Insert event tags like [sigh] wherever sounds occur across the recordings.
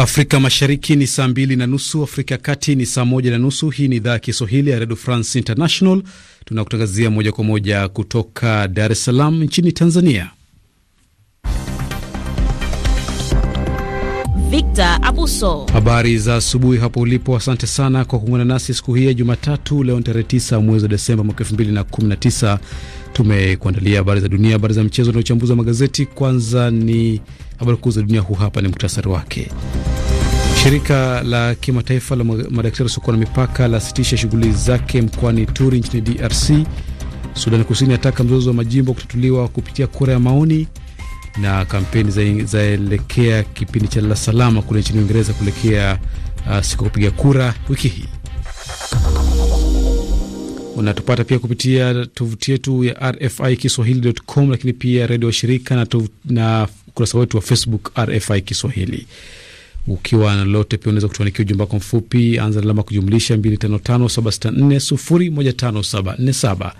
Afrika Mashariki ni saa mbili na nusu, Afrika ya Kati ni saa moja na nusu. Hii ni idhaa ya Kiswahili ya Redio France International, tunakutangazia moja kwa moja kutoka Dar es Salaam nchini Tanzania. Victor Abuso, habari za asubuhi hapo ulipo. Asante sana kwa kuungana nasi siku hii ya Jumatatu. Leo ni tarehe 9 mwezi wa Desemba mwaka 2019. Tumekuandalia habari za dunia, habari za michezo na uchambuzi wa magazeti. Kwanza ni Habari kuu za dunia, huu hapa ni mktasari wake. Shirika la kimataifa la madaktari wasiokuwa na mipaka lasitisha shughuli zake mkoani Turi nchini DRC. Sudani Kusini ataka mzozo wa majimbo kutatuliwa kupitia kura ya maoni, na kampeni zaelekea kipindi cha la salama kule nchini Uingereza kuelekea uh, siku ya kupiga kura wiki hii. Unatupata pia kupitia tovuti yetu ya RFI Kiswahili.com, lakini pia redio wa shirika na, na ukurasa wetu wa Facebook RFI Kiswahili. Ukiwa na lolote pia unaweza kutuandikia ujumbe wako mfupi, anza alama kujumlisha 255764015747.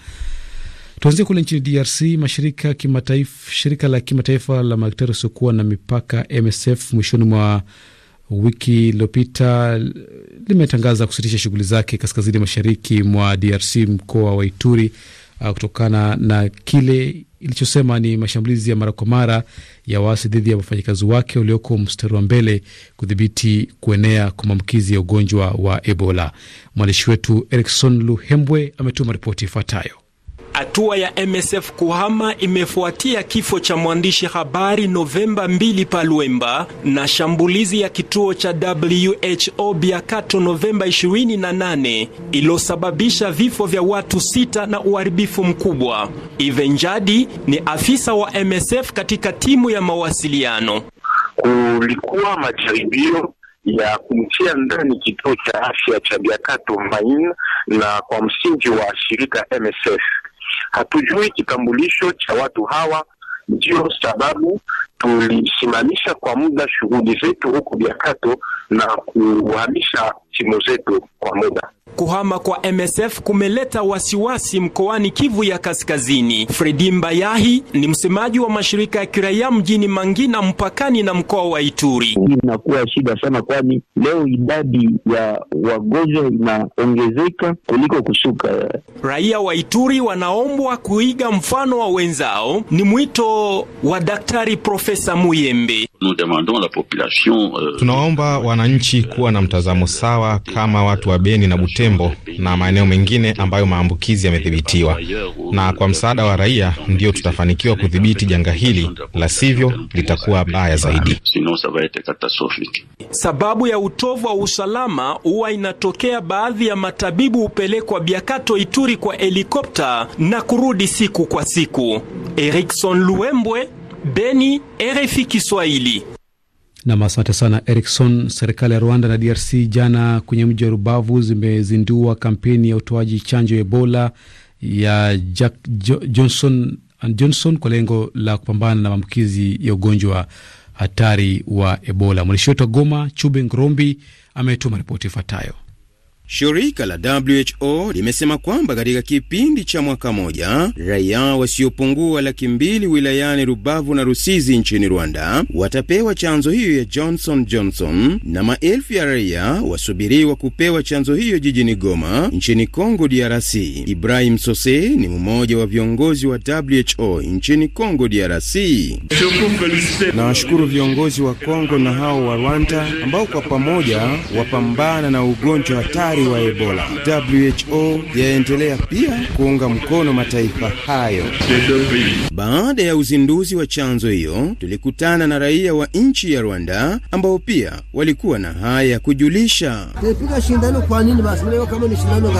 Tuanzie kule nchini DRC. Mashirika kimataifa, shirika la kimataifa la madaktari wasiokuwa na mipaka MSF mwishoni mwa wiki iliyopita limetangaza kusitisha shughuli zake kaskazini mashariki mwa DRC, mkoa wa Ituri uh, kutokana na kile ilichosema ni mashambulizi ya mara kwa mara ya waasi dhidi ya wafanyakazi wake walioko mstari wa mbele kudhibiti kuenea kwa maambukizi ya ugonjwa wa Ebola. Mwandishi wetu Erikson Luhembwe ametuma ripoti ifuatayo. Hatua ya MSF kuhama imefuatia kifo cha mwandishi habari Novemba 2 Palwemba na shambulizi ya kituo cha WHO Biakato Novemba 28 ilosababisha vifo vya watu sita na uharibifu mkubwa. Ivenjadi ni afisa wa MSF katika timu ya mawasiliano. Kulikuwa majaribio ya kumtia ndani kituo cha afya cha Biakato Main na kwa msingi wa shirika MSF Hatujui kitambulisho cha watu hawa, ndio sababu tulisimamisha kwa muda shughuli zetu huku Biakato na kuhamisha timu zetu kwa muda. Kuhama kwa MSF kumeleta wasiwasi mkoani Kivu ya Kaskazini. Fredi Mbayahi ni msemaji wa mashirika ya kiraia mjini Mangina mpakani na mkoa wa Ituri. Inakuwa shida sana, kwani leo idadi ya wagonjwa inaongezeka kuliko kushuka. Raia wa Ituri wanaombwa kuiga mfano wa wenzao, ni mwito wa Daktari Profesa Muyembe. Euh, Tunaomba wananchi kuwa na mtazamo sawa kama watu wa Beni na Butembo na maeneo mengine ambayo maambukizi yamethibitiwa, na kwa msaada wa raia ndio tutafanikiwa kudhibiti janga hili, la sivyo litakuwa baya zaidi. Sababu ya utovu wa usalama huwa inatokea baadhi ya matabibu hupelekwa Biakato, Ituri kwa helikopta na kurudi siku kwa siku. Erikson Luembwe Beni, RFI Kiswahili. Nam, asante sana Erikson. Serikali ya Rwanda na DRC jana kwenye mji wa Rubavu zimezindua kampeni ya utoaji chanjo ya Ebola ya Jack Johnson and Johnson kwa lengo la kupambana na maambukizi ya ugonjwa hatari wa Ebola. Mwandishi wetu wa Goma, Chube Ngrombi, ametuma ripoti ifuatayo. Shirika la WHO limesema kwamba katika kipindi cha mwaka moja raia wasiopungua laki mbili wilayani Rubavu na Rusizi nchini Rwanda watapewa chanzo hiyo ya Johnson Johnson na maelfu ya raia wasubiriwa kupewa chanzo hiyo jijini Goma nchini Kongo DRC. Ibrahim Sose ni mmoja wa viongozi wa WHO nchini Kongo DRC. Nawashukuru viongozi wa Kongo na hao wa Rwanda ambao kwa pamoja wapambana na ugonjwa hatari wa Ebola. WHO yaendelea pia kuunga mkono mataifa hayo. Baada ya uzinduzi wa chanzo hiyo, tulikutana na raia wa nchi ya Rwanda ambao pia walikuwa na haya ya kujulisha. Tulipiga shindano kwa nini basi? Mimi kama ni shindano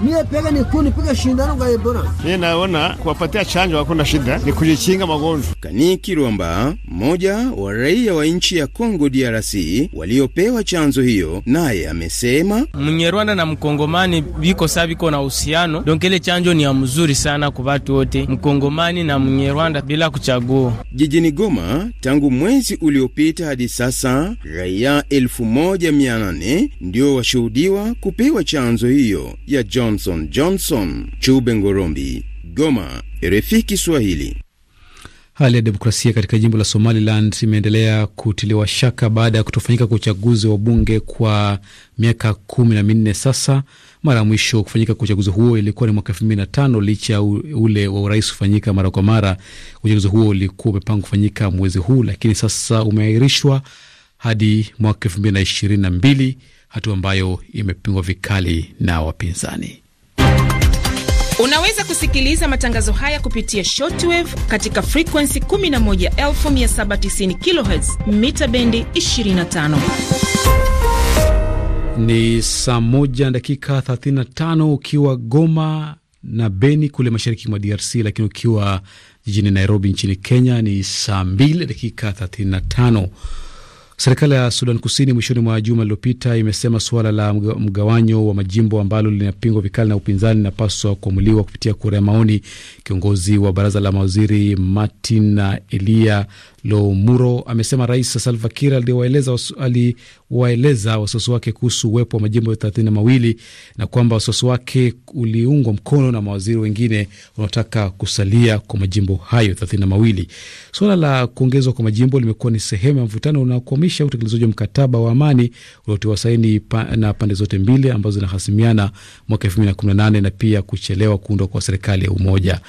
Mimi pega ni kuni piga shindano Ebola. Mimi naona kuwapatia chanjo hakuna shida, ni kujichinga magonjwa. Kaniki Rwamba, mmoja wa raia wa nchi ya Kongo DRC waliopewa chanzo hiyo, naye amesema Mnyarwanda na Mkongomani viko saa viko na uhusiano, donc ile chanjo ni ya mzuri sana kwa watu wote, Mkongomani na Mnyarwanda bila kuchagua. Jijini Goma, tangu mwezi uliopita hadi sasa raia elfu moja mia nane ndio washuhudiwa kupewa chanzo hiyo ya Johnson Johnson. Chube Ngorombi, Goma, RFI Kiswahili. Hali ya demokrasia katika jimbo la Somaliland imeendelea kutiliwa shaka baada ya kutofanyika kwa uchaguzi wa bunge kwa miaka kumi na minne sasa. Mara ya mwisho kufanyika kwa uchaguzi huo ilikuwa ni mwaka elfu mbili na tano licha ya ule wa urais kufanyika mara kwa mara. Uchaguzi huo ulikuwa umepangwa kufanyika mwezi huu, lakini sasa umeahirishwa hadi mwaka elfu mbili na ishirini na mbili, hatua ambayo imepingwa vikali na wapinzani. Unaweza kusikiliza matangazo haya kupitia shortwave katika frequency 11790 kHz mita bendi 25. Ni saa moja dakika 35 ukiwa Goma na Beni kule mashariki mwa DRC, lakini ukiwa jijini Nairobi nchini Kenya ni saa 2 dakika 35. Serikali ya Sudan Kusini mwishoni mwa juma lililopita imesema suala la mgawanyo wa majimbo ambalo linapingwa vikali na upinzani linapaswa kuamuliwa kupitia kura ya maoni. Kiongozi wa baraza la mawaziri Martin Elia Lomuro amesema Rais Salva Kiir aliwaeleza wasiwasi wake kuhusu uwepo wa majimbo thelathini na mawili na kwamba wasiwasi wake uliungwa mkono na mawaziri wengine wanaotaka kusalia kwa majimbo hayo thelathini na mawili. Suala la kuongezwa kwa majimbo limekuwa ni sehemu ya mvutano unaokwamisha utekelezaji wa mkataba wa amani uliotiwa saini pa, na pande zote mbili ambazo zinahasimiana mwaka elfu mbili na kumi na nane na pia kuchelewa kuundwa kwa serikali ya umoja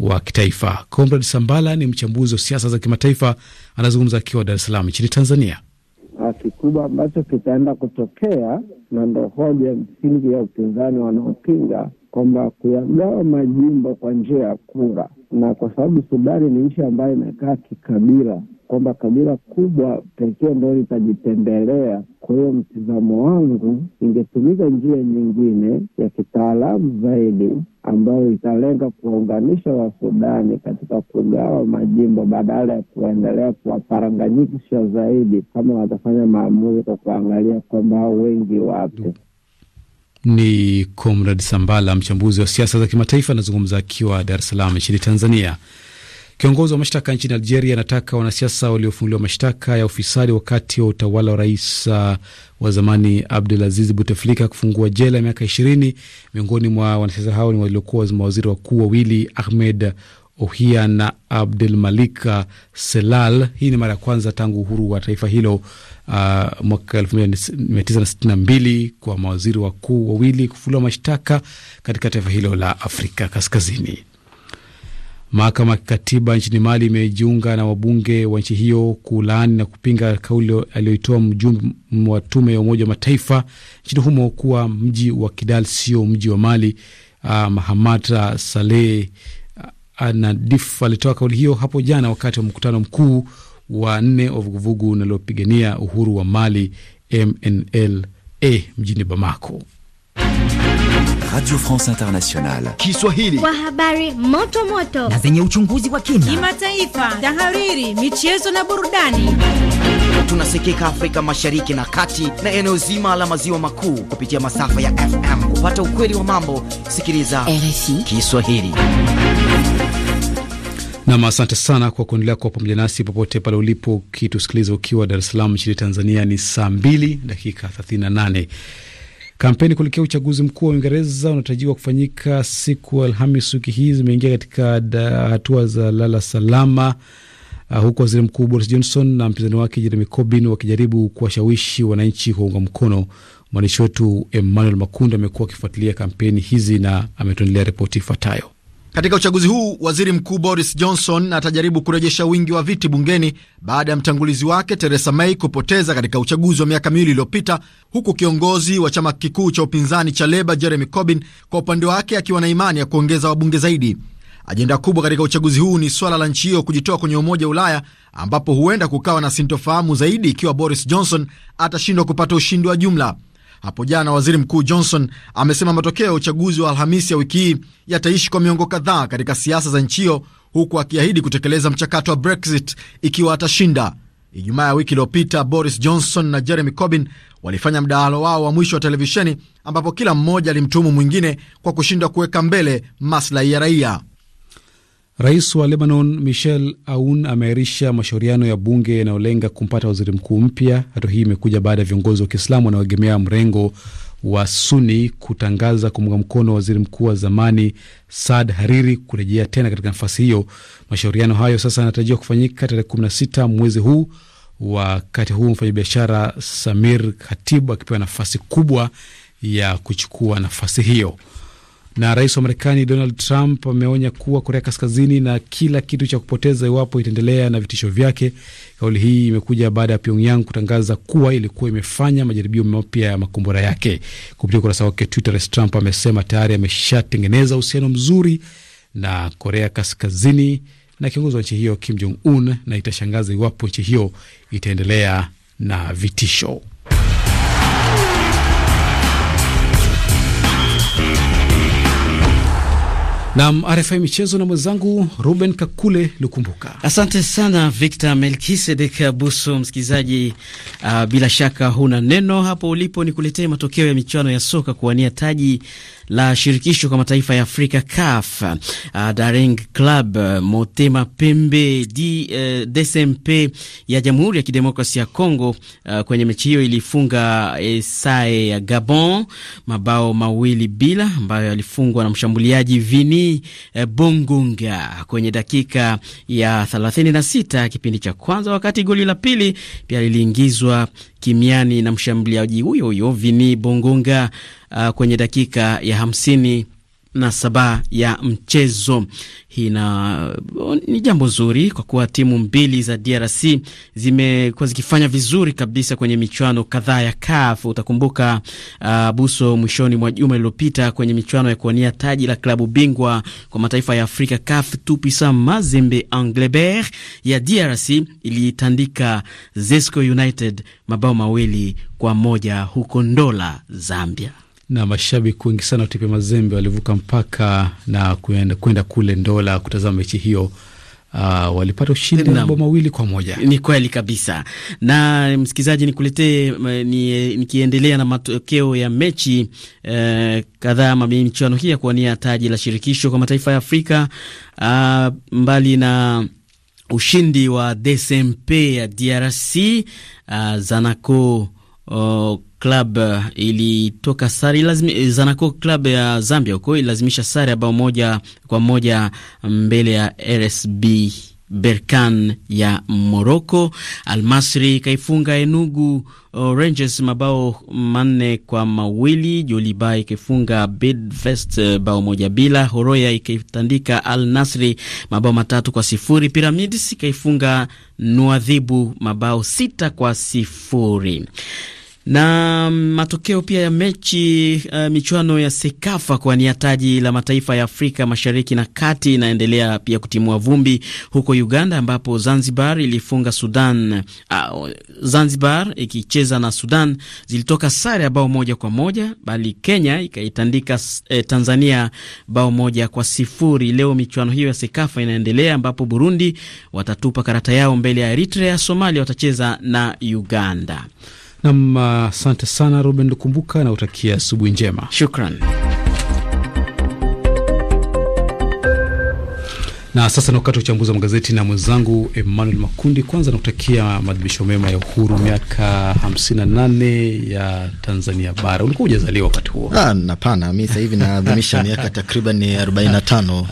wa kitaifa. comrad Sambala ni mchambuzi wa siasa za kimataifa, anazungumza akiwa Dar es Salaam nchini Tanzania. Kikubwa ambacho kitaenda kutokea, na ndo hoja msingi ya upinzani wanaopinga kwamba kuyagawa majimbo kwa njia ya kura, na kwa sababu Sudani ni nchi ambayo imekaa kikabila kwamba kabila kubwa pekee ndo litajitembelea. Kwa hiyo mtizamo wangu, ingetumika njia nyingine ya kitaalamu zaidi ambayo italenga kuwaunganisha Wasudani katika kugawa majimbo badala ya kuendelea kuwaparanganyikisha zaidi, kama watafanya maamuzi kwa kuangalia kwamba hao wengi wapi. Ni comrad Sambala, mchambuzi wa siasa za kimataifa, anazungumza akiwa Dar es Salaam nchini Tanzania. Kiongozi wa mashtaka nchini Algeria anataka wanasiasa waliofunguliwa mashtaka ya ufisadi wakati wa utawala wa rais uh, wa zamani Abdelaziz Bouteflika kufungua jela miaka ishirini. Miongoni mwa wanasiasa hao ni waliokuwa mawaziri wakuu wawili Ahmed Ohia na Abdul Malik uh, Selal. Hii ni mara ya kwanza tangu uhuru wa taifa hilo uh, mwaka 1962 kwa mawaziri wakuu wawili kufuliwa mashtaka katika taifa hilo la Afrika Kaskazini. Mahakama ya kikatiba nchini Mali imejiunga na wabunge wa nchi hiyo kulaani na kupinga kauli aliyoitoa mjumbe wa tume ya Umoja wa Mataifa nchini humo kuwa mji wa Kidal sio mji wa Mali. Uh, ah, Mahamata Saleh uh, ah, Nadif alitoa kauli hiyo hapo jana wakati wa mkutano mkuu wa nne wa vuguvugu unalopigania uhuru wa Mali MNLA mjini Bamako. Radio France Internationale Kiswahili, kwa habari moto moto na zenye uchunguzi wa kina, kimataifa, tahariri, michezo na burudani. Tunasikika Afrika Mashariki na Kati na eneo zima la maziwa makuu kupitia masafa ya FM. Kupata ukweli wa mambo, sikiliza RFI Kiswahili. Nam, asante sana kwa kuendelea kwa pamoja nasi popote pale ulipo kitusikiliza ukiwa Dar es Salaam nchini Tanzania. Ni saa 2 dakika 38 Kampeni kuelekea uchaguzi mkuu wa Uingereza unatarajiwa kufanyika siku Alhamis wiki hii zimeingia katika hatua za lala salama, uh, huku waziri mkuu Boris Johnson na mpinzani wake Jeremy Corbyn wakijaribu kuwashawishi wananchi kuunga mkono. Mwandishi wetu Emmanuel Makunda amekuwa akifuatilia kampeni hizi na ametuendelea ripoti ifuatayo. Katika uchaguzi huu waziri mkuu Boris Johnson atajaribu kurejesha wingi wa viti bungeni baada ya mtangulizi wake Theresa May kupoteza katika uchaguzi wa miaka miwili iliyopita, huku kiongozi wa chama kikuu cha upinzani cha Leba Jeremy Corbyn kwa upande wake akiwa na imani ya kuongeza wabunge zaidi. Ajenda kubwa katika uchaguzi huu ni swala la nchi hiyo kujitoa kwenye Umoja wa Ulaya, ambapo huenda kukawa na sintofahamu zaidi ikiwa Boris Johnson atashindwa kupata ushindi wa jumla. Hapo jana waziri mkuu Johnson amesema matokeo ya uchaguzi wa Alhamisi ya wiki hii yataishi kwa miongo kadhaa katika siasa za nchi hiyo, huku akiahidi kutekeleza mchakato wa Brexit ikiwa atashinda. Ijumaa ya wiki iliyopita Boris Johnson na Jeremy Corbyn walifanya mdahalo wao wa mwisho wa televisheni ambapo kila mmoja alimtuhumu mwingine kwa kushindwa kuweka mbele maslahi ya raia. Rais wa Lebanon Michel Aoun ameahirisha mashauriano ya bunge yanayolenga kumpata waziri mkuu mpya. Hatua hii imekuja baada ya viongozi wa Kiislamu wanaoegemea mrengo wa Suni kutangaza kumunga mkono waziri mkuu wa zamani Saad Hariri kurejea tena katika nafasi hiyo. Mashauriano hayo sasa yanatarajiwa kufanyika tarehe 16 mwezi huu. Wakati huu mfanyabiashara Samir Khatib akipewa nafasi kubwa ya kuchukua nafasi hiyo. Na rais wa Marekani Donald Trump ameonya kuwa Korea Kaskazini na kila kitu cha kupoteza iwapo itaendelea na vitisho vyake. Kauli hii imekuja baada ya Pyongyang kutangaza kuwa ilikuwa imefanya majaribio mapya ya makombora yake. Kupitia ukurasa wake Twitter, rais Trump amesema tayari ameshatengeneza uhusiano mzuri na Korea Kaskazini na kiongozi wa nchi hiyo Kim Jong Un, na itashangaza iwapo nchi hiyo itaendelea na vitisho. Nam RFI michezo na mwenzangu Ruben Kakule Lukumbuka. Asante sana Victor Melkisedek Abuso. Msikilizaji, uh, bila shaka huna neno hapo ulipo, ni kuletea matokeo ya michuano ya soka kuwania taji la shirikisho kwa mataifa ya Afrika CAF, uh, Dareng Club uh, Motema Pembe D, uh, DSMP ya Jamhuri ya Kidemokrasia ya Kongo uh, kwenye mechi hiyo ilifunga eh, sae ya Gabon mabao mawili bila, ambayo yalifungwa na mshambuliaji Vini uh, eh, Bongunga kwenye dakika ya 36 kipindi cha kwanza, wakati goli la pili pia liliingizwa kimiani na mshambuliaji huyo huyo Vini Bongonga uh, kwenye dakika ya hamsini na saba ya mchezo hii na oh, ni jambo zuri kwa kuwa timu mbili za DRC zimekuwa zikifanya vizuri kabisa kwenye michuano kadhaa ya CAF. Utakumbuka uh, buso mwishoni mwa juma lililopita kwenye michuano ya kuwania taji la klabu bingwa kwa mataifa ya Afrika CAF, Tupisa Mazembe Anglebert ya DRC ilitandika Zesco United mabao mawili kwa moja huko Ndola, Zambia na mashabiki wengi sana wa TP Mazembe walivuka mpaka na kwenda kule Ndola kutazama mechi hiyo. Uh, walipata ushindi mabao mawili kwa moja. Ni kweli kabisa. Na msikilizaji, nikuletee eh, ni, nikiendelea na matokeo ya mechi uh, kadhaa mami michuano hii ya kuwania taji la shirikisho kwa mataifa ya Afrika uh, mbali na ushindi wa DSMP ya DRC uh, ah, Zanaco O, club eh, ilitoka sare lazima, eh, Zanaco club ya Zambia huko ilazimisha sare ya bao moja kwa moja mbele ya RSB Berkan ya Morocco. Almasri ikaifunga Enugu o, Rangers mabao manne kwa mawili. Joliba ikaifunga Bidvest eh, bao moja bila. Horoya ikaitandika Al Nasri mabao matatu kwa sifuri. Pyramids ikaifunga Nuadhibu mabao sita kwa sifuri. Na matokeo pia ya mechi uh, michuano ya Sekafa nia taji la mataifa ya Afrika Mashariki na Kati inaendelea pia kutimua vumbi huko Uganda, ambapo Zanzibar ilifunga Sudan. Uh, Zanzibar ikicheza na Sudan zilitoka sare ya bao moja kwa moja, bali Kenya ikaitandika eh, Tanzania bao moja kwa sifuri. Leo michuano hiyo ya Sekafa inaendelea ambapo Burundi watatupa karata yao mbele ya Eritrea, Somalia watacheza na Uganda. Nam, asante sana Ruben Lukumbuka na utakia asubuhi njema. Shukran. Na sasa ni wakati wa uchambuzi wa magazeti na mwenzangu Emmanuel Makundi. Kwanza nakutakia maadhimisho mema ya uhuru miaka 58 ya Tanzania bara. Ulikuwa hujazaliwa wakati huo? Ah, hapana, mimi sasa hivi naadhimisha miaka takriban 45.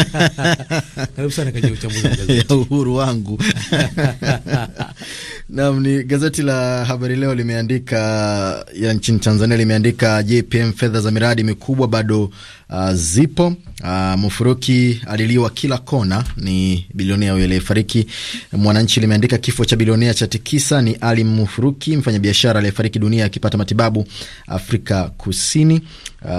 [laughs] Karibu sana uchambuzi wa magazeti [laughs] ya uhuru wangu [laughs] Naam, ni gazeti la Habari Leo limeandika ya nchini Tanzania limeandika JPM fedha za miradi mikubwa bado uh, zipo. Uh, Mufuruki aliliwa kila kona, ni bilionea huyo aliyefariki. Mwananchi limeandika kifo cha bilionea cha tikisa ni Ali Mufuruki, mfanyabiashara aliyefariki dunia akipata matibabu Afrika Kusini. Uh,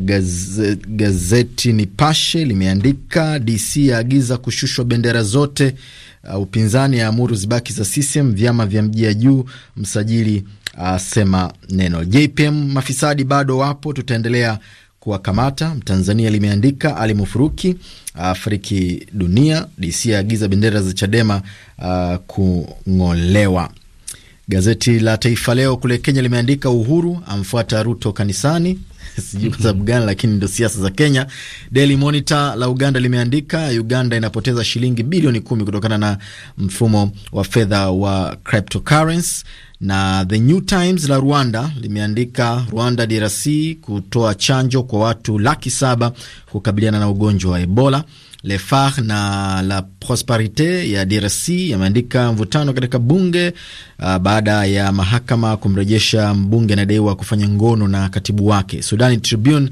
gazeti, gazeti Nipashe limeandika DC yaagiza kushushwa bendera zote uh, upinzani yaamuru zibaki za CCM, vyama vya mji ya juu, msajili asema uh, neno. JPM, mafisadi bado wapo, tutaendelea kuwakamata. Mtanzania limeandika Ali Mufuruki afariki dunia, DC aagiza bendera za Chadema uh, kung'olewa. Gazeti la Taifa Leo kule Kenya limeandika Uhuru amfuata Ruto kanisani. [laughs] Sijui kwa sababu gani, lakini ndo siasa za Kenya. Daily Monitor la Uganda limeandika Uganda inapoteza shilingi bilioni kumi kutokana na mfumo wa fedha wa cryptocurrency na The New Times la Rwanda limeandika Rwanda DRC kutoa chanjo kwa watu laki saba kukabiliana na ugonjwa wa Ebola. Le Phare na La Prosperite ya DRC yameandika mvutano katika bunge uh, baada ya mahakama kumrejesha mbunge anayedaiwa kufanya ngono na katibu wake. Sudani Tribune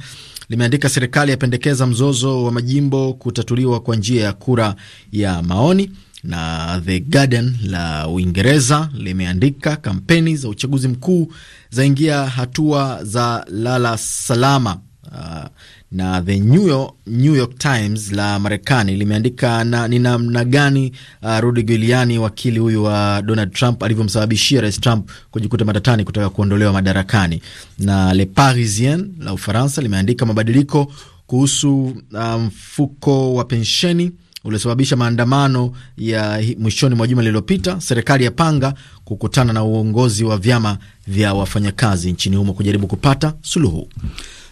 limeandika serikali yapendekeza mzozo wa majimbo kutatuliwa kwa njia ya kura ya maoni na The Guardian la Uingereza limeandika kampeni za uchaguzi mkuu zaingia hatua za lala salama. Uh, na The New York, New York Times la Marekani limeandika na, ni namna gani uh, Rudy Giuliani wakili huyu wa Donald Trump alivyomsababishia Rais Trump kujikuta matatani kutaka kuondolewa madarakani. Na Le Parisien la Ufaransa limeandika mabadiliko kuhusu uh, mfuko um, wa pensheni uliosababisha maandamano ya mwishoni mwa juma lililopita. Serikali ya panga kukutana na uongozi wa vyama vya wafanyakazi nchini humo kujaribu kupata suluhu.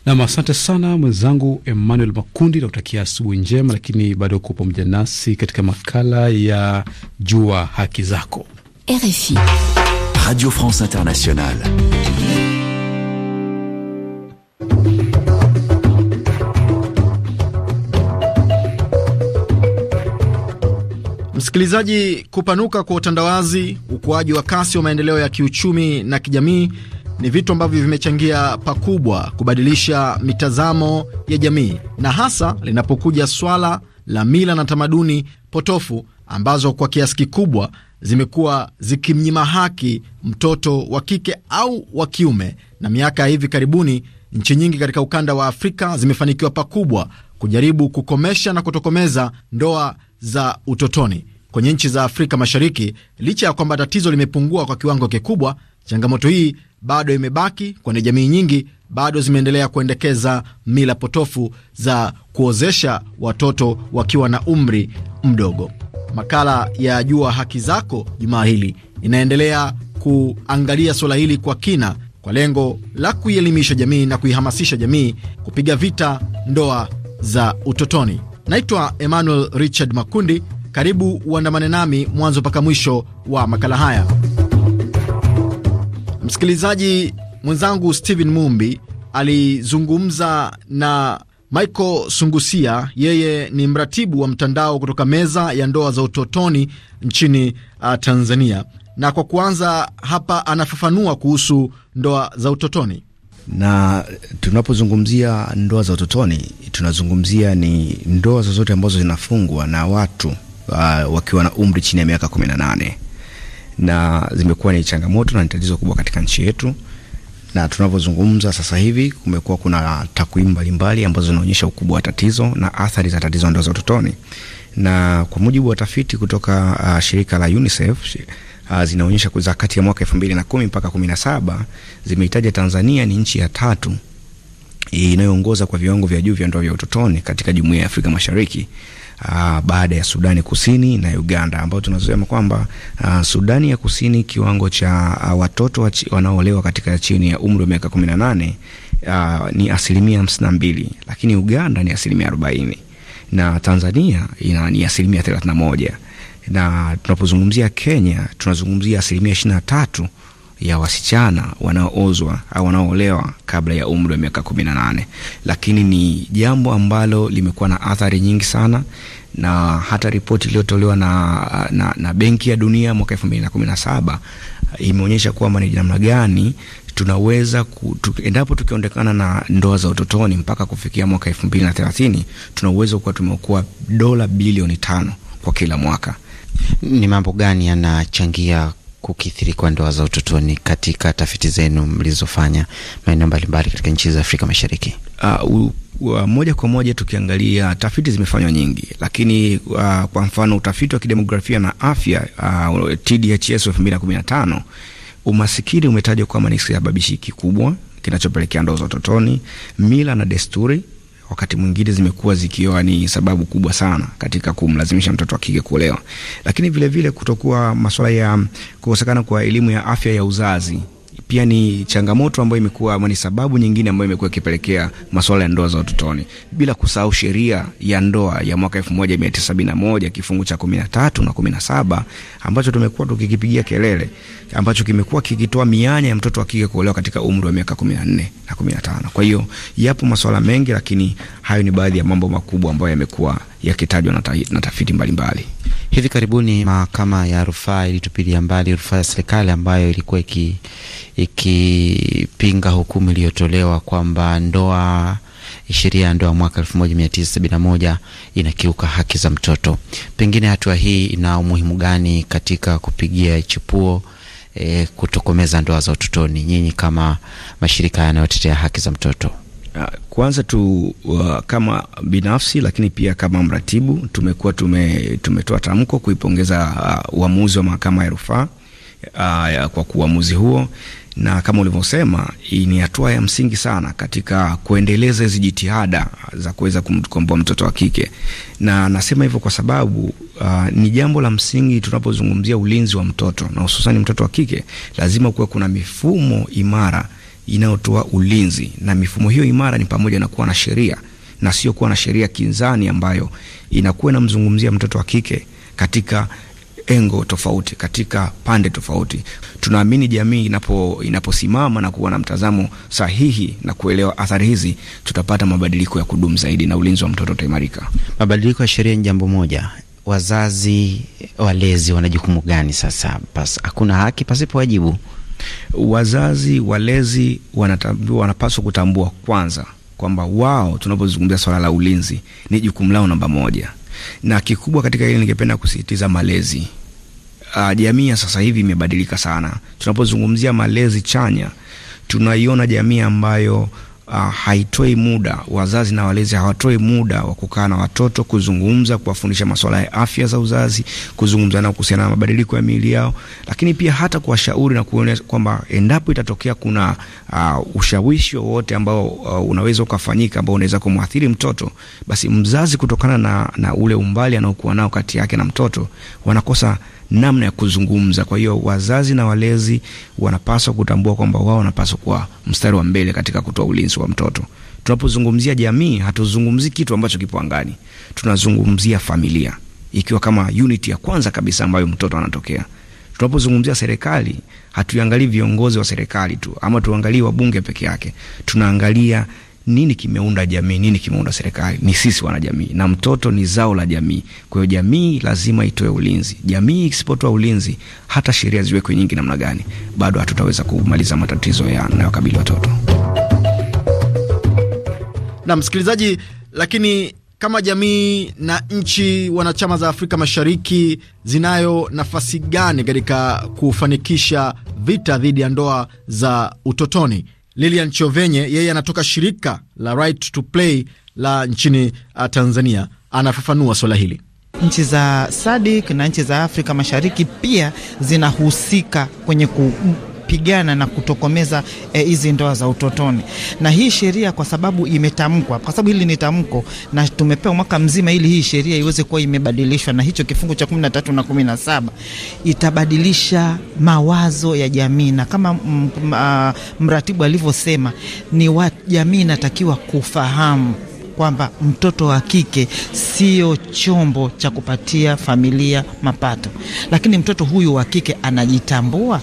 Nam, asante sana mwenzangu Emmanuel Makundi, nakutakia asubuhi njema, lakini bado uko pamoja nasi katika makala ya Jua Haki Zako, RFI Radio France Internationale. Msikilizaji, kupanuka kwa utandawazi, ukuaji wa kasi wa maendeleo ya kiuchumi na kijamii ni vitu ambavyo vimechangia pakubwa kubadilisha mitazamo ya jamii, na hasa linapokuja swala la mila na tamaduni potofu ambazo kwa kiasi kikubwa zimekuwa zikimnyima haki mtoto wa kike au wa kiume. Na miaka ya hivi karibuni, nchi nyingi katika ukanda wa Afrika zimefanikiwa pakubwa kujaribu kukomesha na kutokomeza ndoa za utotoni kwenye nchi za Afrika Mashariki. Licha ya kwamba tatizo limepungua kwa kiwango kikubwa, changamoto hii bado imebaki, kwani jamii nyingi bado zimeendelea kuendekeza mila potofu za kuozesha watoto wakiwa na umri mdogo. Makala ya Jua Haki Zako jumaa hili inaendelea kuangalia suala hili kwa kina kwa lengo la kuielimisha jamii na kuihamasisha jamii kupiga vita ndoa za utotoni. Naitwa Emmanuel Richard Makundi. Karibu uandamane nami mwanzo mpaka mwisho wa makala haya. Msikilizaji mwenzangu stephen Mumbi alizungumza na Michael Sungusia, yeye ni mratibu wa mtandao kutoka meza ya ndoa za utotoni nchini uh, Tanzania, na kwa kuanza hapa anafafanua kuhusu ndoa za utotoni. Na tunapozungumzia ndoa za utotoni, tunazungumzia ni ndoa zozote ambazo zinafungwa na watu uh, wakiwa na umri chini ya miaka kumi na nane na zimekuwa ni changamoto na ni tatizo kubwa katika nchi yetu, na tunavyozungumza sasa hivi kumekuwa kuna takwimu mbalimbali ambazo zinaonyesha ukubwa wa tatizo na athari za tatizo ndoa za utotoni, na kwa mujibu wa tafiti kutoka uh, shirika la UNICEF uh, zinaonyesha za kati ya mwaka elfu mbili na kumi mpaka kumi na saba Tanzania ni nchi ya tatu inayoongoza kwa viwango vya juu vya ndoa vya utotoni katika jumuiya ya Afrika Mashariki uh, baada ya Sudani Kusini na Uganda, ambao tunasema kwamba uh, Sudani ya Kusini kiwango cha uh, watoto wanaoolewa katika chini ya umri wa miaka 18 uh, ni asilimia 52, lakini Uganda ni asilimia 40 na Tanzania ina ni asilimia 31, na tunapozungumzia Kenya tunazungumzia asilimia tatu ya wasichana wanaoozwa au wanaoolewa kabla ya umri wa miaka kumi na nane, lakini ni jambo ambalo limekuwa na athari nyingi sana na hata ripoti iliyotolewa na, na, na Benki ya Dunia mwaka elfu mbili na kumi na saba eh, imeonyesha kwamba ni namna gani tunaweza ku, tu, endapo tukiondekana na ndoa za utotoni mpaka kufikia mwaka elfu mbili na thelathini tuna uwezo kuwa tumeokoa dola bilioni tano kwa kila mwaka. Ni mambo gani yanachangia kukithiri kwa ndoa za utotoni katika tafiti zenu mlizofanya maeneo mbalimbali katika nchi za Afrika Mashariki? Uh, uh, moja kwa moja tukiangalia tafiti zimefanywa nyingi, lakini uh, kwa mfano utafiti wa kidemografia na afya uh, TDHS 2015 umasikini umetajwa kwamba ni sababishi kikubwa kinachopelekea ndoa za utotoni. Mila na desturi wakati mwingine zimekuwa zikiwa ni sababu kubwa sana katika kumlazimisha mtoto wa kike kuolewa, lakini vilevile kutokuwa masuala ya kukosekana kwa elimu ya afya ya uzazi pia ni changamoto ambayo imekuwa ama ni sababu nyingine ambayo imekuwa ikipelekea masuala ya ndoa za utotoni, bila kusahau sheria ya ndoa ya mwaka 1971 kifungu cha 13 na 17 ambacho tumekuwa tukikipigia kelele, ambacho kimekuwa kikitoa mianya ya mtoto wa kike kuolewa katika umri wa miaka 14 na 15. Kwa hiyo yapo masuala mengi, lakini hayo ni baadhi ya mambo makubwa ambayo yamekuwa yakitajwa na tafiti mbalimbali. Hivi karibuni mahakama ya rufaa ilitupilia mbali rufaa ya serikali ambayo ilikuwa ikipinga iki hukumu iliyotolewa kwamba ndoa sheria ya ndoa mwaka 1971 inakiuka haki za mtoto. Pengine hatua hii ina umuhimu gani katika kupigia chipuo e, eh, kutokomeza ndoa za utotoni, nyinyi kama mashirika yanayotetea haki za mtoto? Ah, kwanza tu uh, kama binafsi lakini pia kama mratibu tumekuwa tume, tumetoa tamko kuipongeza ah, uamuzi uh, wa mahakama ya rufaa uh, kwa uamuzi huo, na kama ulivyosema, hii ni hatua ya msingi sana katika kuendeleza hizi jitihada za kuweza kumkomboa mtoto wa kike, na nasema hivyo kwa sababu Uh, ni jambo la msingi tunapozungumzia ulinzi wa mtoto na hususani mtoto wa kike, lazima kuwe kuna mifumo imara inayotoa ulinzi, na mifumo hiyo imara ni pamoja na kuwa na sheria na sio kuwa na sheria kinzani ambayo inakuwa inamzungumzia mtoto wa kike katika engo tofauti, katika pande tofauti. Tunaamini jamii inapo inaposimama na kuwa na mtazamo sahihi na kuelewa athari hizi, tutapata mabadiliko ya kudumu zaidi na ulinzi wa mtoto utaimarika. Mabadiliko ya sheria ni jambo moja, wazazi walezi wana jukumu gani sasa? Pas, hakuna haki pasipo wajibu. Wazazi walezi wanatambua, wanapaswa kutambua kwanza kwamba wao, tunapozungumzia swala la ulinzi, ni jukumu lao namba moja, na kikubwa katika hili ningependa kusisitiza malezi. Uh, jamii ya sasa hivi imebadilika sana. Tunapozungumzia malezi chanya, tunaiona jamii ambayo uh, haitoi muda, wazazi na walezi hawatoi muda wa kukaa na watoto, kuzungumza, kuwafundisha masuala ya afya za uzazi, kuzungumza nao kuhusiana na mabadiliko ya miili yao, lakini pia hata kuwashauri na kuonea kwamba endapo itatokea kuna uh, ushawishi wowote ambao uh, unaweza ukafanyika ambao unaweza kumwathiri mtoto, basi mzazi kutokana na, na ule umbali anaokuwa nao kati yake na mtoto wanakosa namna ya kuzungumza. Kwa hiyo wazazi na walezi wanapaswa kutambua kwamba wao wanapaswa kuwa mstari wa mbele katika kutoa ulinzi wa mtoto. Tunapozungumzia jamii, hatuzungumzi kitu ambacho kipo angani, tunazungumzia familia ikiwa kama unit ya kwanza kabisa ambayo mtoto anatokea. Tunapozungumzia serikali, hatuangalii viongozi wa serikali tu ama tuangalii wabunge peke yake, tunaangalia nini kimeunda jamii, nini kimeunda serikali? Ni sisi wanajamii, na mtoto ni zao la jamii. Kwa hiyo jamii lazima itoe ulinzi. Jamii isipotoa ulinzi, hata sheria ziwekwe nyingi namna gani, bado hatutaweza kumaliza matatizo yanayokabili watoto na msikilizaji. Lakini kama jamii na nchi wanachama za Afrika Mashariki zinayo nafasi gani katika kufanikisha vita dhidi ya ndoa za utotoni? Lilian Chovenye, yeye anatoka shirika la Right to Play la nchini uh, Tanzania, anafafanua swala hili. Nchi za SADC na nchi za Afrika Mashariki pia zinahusika kwenye ku kupigana na kutokomeza eh, hizi e, ndoa za utotoni. Na hii sheria kwa sababu imetamkwa, kwa sababu hili ni tamko, na tumepewa mwaka mzima ili hii sheria iweze kuwa imebadilishwa, na hicho kifungu cha 13 na 17 itabadilisha mawazo ya jamii, na kama mratibu alivyosema, ni wa jamii inatakiwa kufahamu kwamba mtoto wa kike sio chombo cha kupatia familia mapato, lakini mtoto huyu wa kike anajitambua.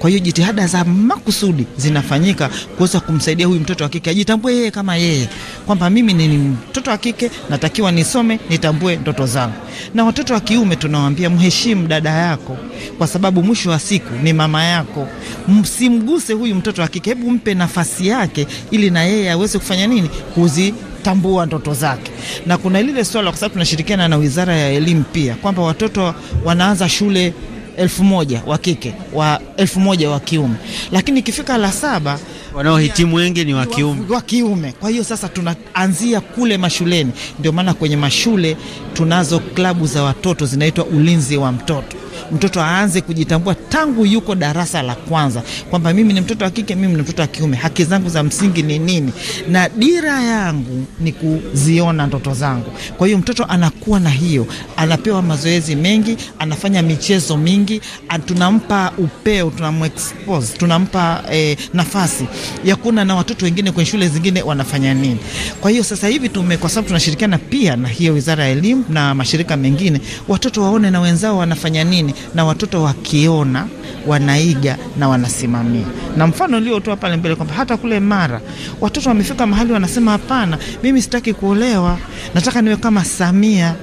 Kwa hiyo jitihada za makusudi zinafanyika kuweza kumsaidia huyu mtoto wa kike ajitambue yeye kama yeye, kwamba mimi ni mtoto wa kike, natakiwa nisome, nitambue ndoto zangu. Na watoto wa kiume tunawaambia mheshimu dada yako, kwa sababu mwisho wa siku ni mama yako. Msimguse huyu mtoto wa kike, hebu mpe nafasi yake, ili na yeye aweze kufanya nini, kuzi tambua ndoto zake. Na kuna lile swala, kwa sababu tunashirikiana na Wizara ya Elimu pia, kwamba watoto wanaanza shule elfu moja wa kike wa elfu moja wa kiume, lakini ikifika la saba wanaohitimu wengi ni wa kiume wa kiume. Kwa hiyo sasa tunaanzia kule mashuleni, ndio maana kwenye mashule tunazo klabu za watoto zinaitwa ulinzi wa mtoto mtoto aanze kujitambua tangu yuko darasa la kwanza, kwamba mimi ni mtoto wa kike, mimi ni mtoto wa kiume, haki zangu za msingi ni nini, na dira yangu ni kuziona ndoto zangu. Kwa hiyo mtoto anakuwa na hiyo, anapewa mazoezi mengi, anafanya michezo mingi, tunampa upeo, tunamexpose, tunampa eh, nafasi ya kuna na watoto wengine kwenye shule zingine wanafanya nini. Kwa hiyo sasa hivi tume, kwa sababu tunashirikiana pia na hiyo Wizara ya Elimu na mashirika mengine, watoto waone na wenzao wanafanya nini nyumbani na watoto wakiona wanaiga na wanasimamia. Na mfano uliotoa pale mbele kwamba hata kule Mara watoto wamefika mahali wanasema, hapana, mimi sitaki kuolewa, nataka niwe kama Samia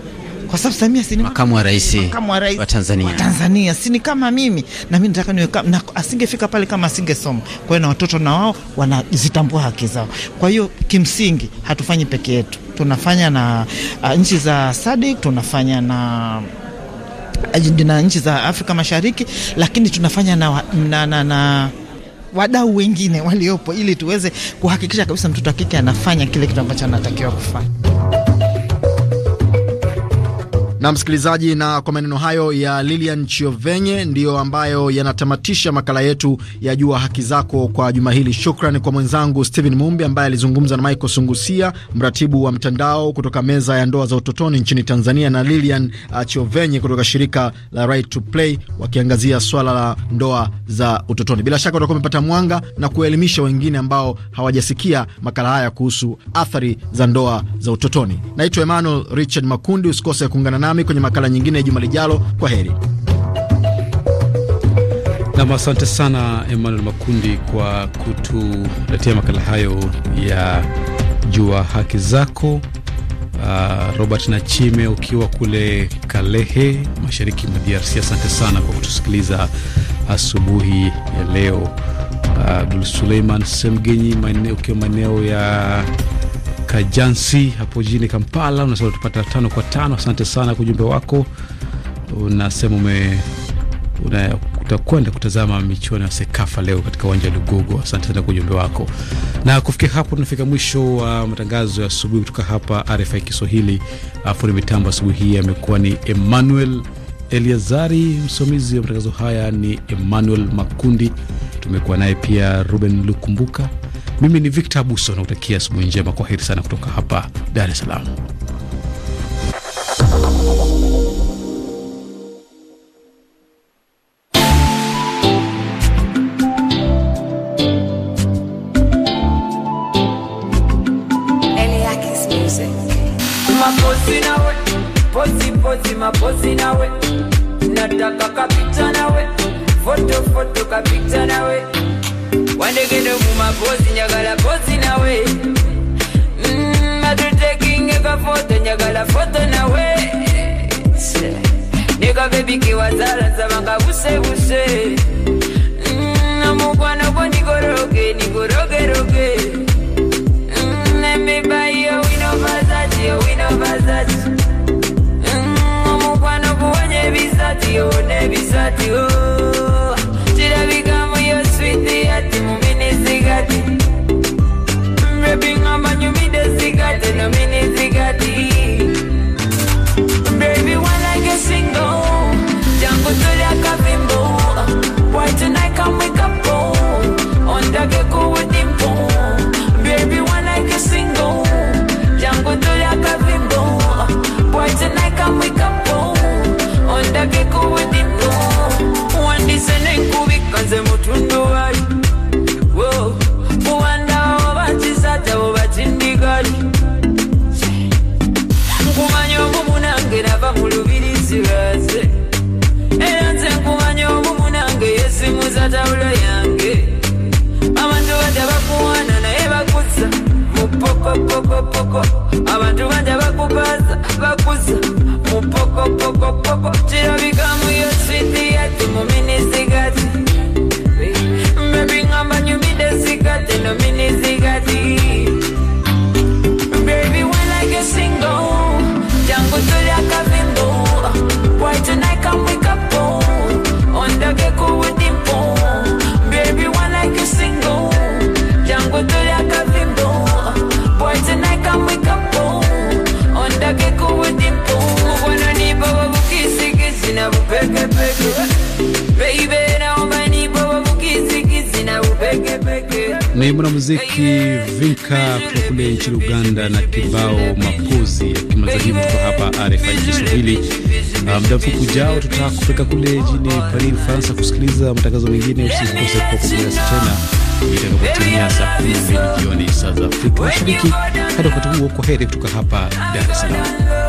kwa sababu Samia si makamu wa rais wa Tanzania, wa Tanzania si ni kama mimi na mimi nataka niwe kama, na asingefika pale kama asingesoma. Kwa hiyo na watoto na wao wanazitambua haki zao. Kwa hiyo kimsingi hatufanyi peke yetu, tunafanya na uh, nchi za SADC tunafanya na na nchi za Afrika Mashariki, lakini tunafanya na, na, na, na wadau wengine waliopo ili tuweze kuhakikisha kabisa mtoto wa kike anafanya kile kitu ambacho anatakiwa kufanya na msikilizaji, na kwa maneno hayo ya Lilian Chiovenye ndiyo ambayo yanatamatisha makala yetu ya Jua Haki Zako kwa juma hili. shukran kwa mwenzangu Stephen Mumbi ambaye alizungumza na Michael Sungusia, mratibu wa mtandao kutoka meza ya ndoa za utotoni nchini Tanzania, na Lilian uh, Chiovenye kutoka shirika la Right to Play wakiangazia swala la ndoa za utotoni. Bila shaka utakuwa umepata mwanga na kuwaelimisha wengine ambao hawajasikia makala haya kuhusu athari za ndoa za utotoni. Naitwa Emmanuel Richard Makundi, usikose kuungana nami kwenye makala nyingine ya juma lijalo. Kwa heri. Nam, asante sana Emmanuel Makundi kwa kutuletea makala hayo ya Jua Haki Zako. Uh, Robert Nachime ukiwa kule Kalehe, mashariki mwa DRC, asante sana kwa kutusikiliza asubuhi ya leo. Abdul ah, uh, Suleiman Semgenyi ukiwa maeneo ya Kajansi hapo jijini Kampala, unasema tupata tano kwa tano. Asante sana kwa ujumbe wako, unasema ume una utakwenda kutazama michuano ya Sekafa leo katika uwanja wa Lugogo. Asante sana kwa ujumbe wako. Na kufikia hapo, tunafika mwisho wa uh, matangazo ya asubuhi kutoka hapa RFI Kiswahili. uh, mitambo asubuhi hii amekuwa ni Emmanuel Eliazari, msimamizi wa matangazo haya ni Emmanuel Makundi, tumekuwa naye pia Ruben Lukumbuka. Mimi ni Victor Abuso, nakutakia asubuhi njema. Kwa heri sana kutoka hapa Dar es Salaam. nawe nataka kapita nawe foto foto kapita nawe wandekede mumapozi njagala pozi nawe mm, atutakinge kafoto njagala foto nawe nekabebi kiwazala nsabanga busebuse mm, omukwano gwo nigoroge nigorogeroge emibayi mm, owinovazaci owinovazaci mm, omukwano guwonya ebisatio oh, n'ebisatio oh. kirabika ni mwanamuziki Vinka kutoka kule nchini Uganda na kibao Mapozi akimaliza hivyo kutoka hapa RFI Kiswahili. Ah, muda mfupi ujao kupeka kule jini Paris, Ufaransa, kusikiliza matangazo mengine. Usikose kuasi tena itakapotimia saa kumi na mbili jioni saa za Afrika Mashariki. Hadi wakati huo, kwa heri kutoka hapa Dar es Salaam.